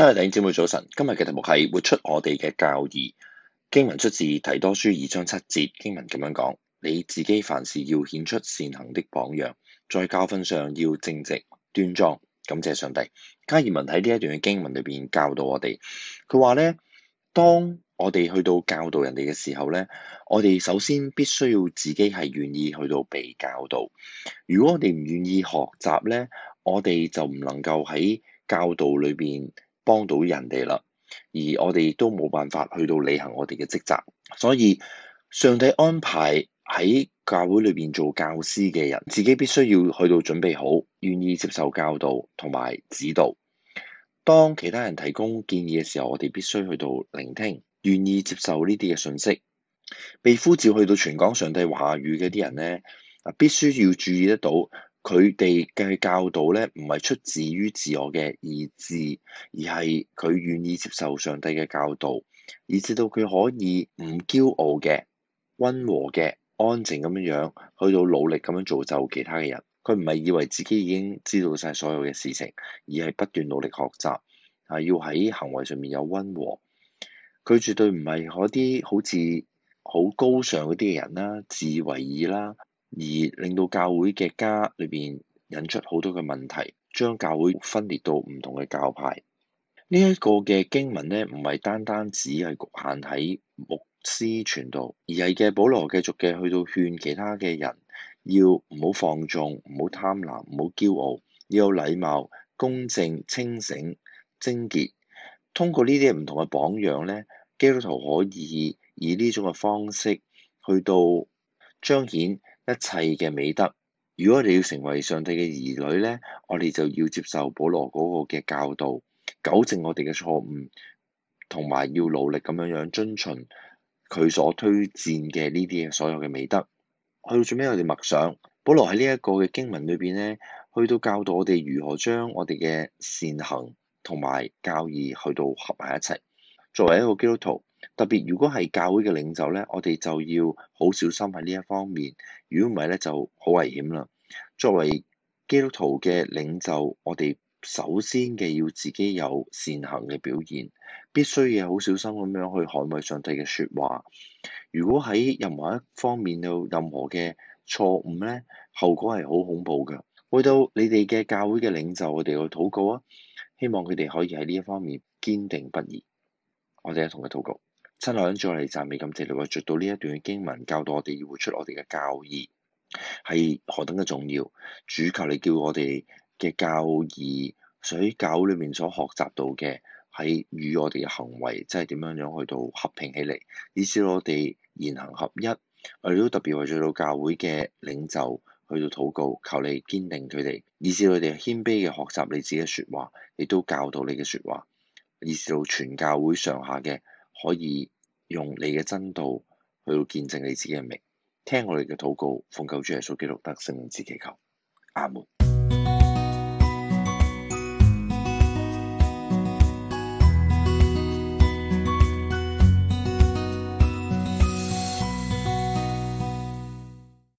各位弟兄姊妹早晨，今日嘅題目係活出我哋嘅教義。經文出自提多書二章七節，經文咁樣講：你自己凡事要顯出善行的榜樣，在教訓上要正直端莊。感謝上帝，加爾文喺呢一段嘅經文裏邊教導我哋，佢話咧，當我哋去到教導人哋嘅時候咧，我哋首先必須要自己係願意去到被教導。如果我哋唔願意學習咧，我哋就唔能夠喺教導裏邊。幫到人哋啦，而我哋都冇辦法去到履行我哋嘅職責，所以上帝安排喺教會裏邊做教師嘅人，自己必須要去到準備好，願意接受教導同埋指導。當其他人提供建議嘅時候，我哋必須去到聆聽，願意接受呢啲嘅信息。被呼召去到全港上帝話語嘅啲人呢，必須要注意得到。佢哋嘅教導咧，唔係出自於自我嘅意志，而係佢願意接受上帝嘅教導，以至到佢可以唔驕傲嘅、溫和嘅、安靜咁樣樣，去到努力咁樣造就其他嘅人。佢唔係以為自己已經知道晒所有嘅事情，而係不斷努力學習，啊，要喺行為上面有溫和。佢絕對唔係嗰啲好似好高尚嗰啲嘅人啦，自為義啦。而令到教會嘅家裏邊引出好多嘅問題，將教會分裂到唔同嘅教派。呢一個嘅經文咧，唔係單單只係局限喺牧師傳道，而係嘅保羅繼續嘅去到勸其他嘅人要唔好放縱、唔好貪婪、唔好驕傲，要有禮貌、公正、清醒、貞潔。通過呢啲唔同嘅榜樣咧，基督徒可以以呢種嘅方式去到彰顯。一切嘅美德，如果我哋要成為上帝嘅兒女咧，我哋就要接受保羅嗰個嘅教導，糾正我哋嘅錯誤，同埋要努力咁樣樣遵循佢所推薦嘅呢啲嘅所有嘅美德。去到最尾，我哋默想保羅喺呢一個嘅經文裏邊咧，去到教導我哋如何將我哋嘅善行同埋教義去到合埋一齊。作為一個基督徒。特別如果係教會嘅領袖咧，我哋就要好小心喺呢一方面。如果唔係咧，就好危險啦。作為基督徒嘅領袖，我哋首先嘅要自己有善行嘅表現，必須要好小心咁樣去捍衛上帝嘅説話。如果喺任何一方面有任何嘅錯誤咧，後果係好恐怖噶。為到你哋嘅教會嘅領袖，我哋去禱告啊，希望佢哋可以喺呢一方面堅定不移。我哋一同去禱告。親愛嘅主，我哋暫時感謝你，為着到呢一段嘅經文，教導我哋要活出我哋嘅教義，係何等嘅重要。主，求你叫我哋嘅教義，所教會裏面所學習到嘅，係與我哋嘅行為，即係點樣樣去到合平起嚟，以至我哋言行合一。我哋都特別為咗到教會嘅領袖去到禱告，求你堅定佢哋，以至佢哋謙卑嘅學習你自己嘅説話，亦都教導你嘅説話，以至到全教會上下嘅，可以用你嘅真道去到見證你自己嘅名，聽我哋嘅禱告，奉救主耶穌基督得聖靈之祈求，阿門。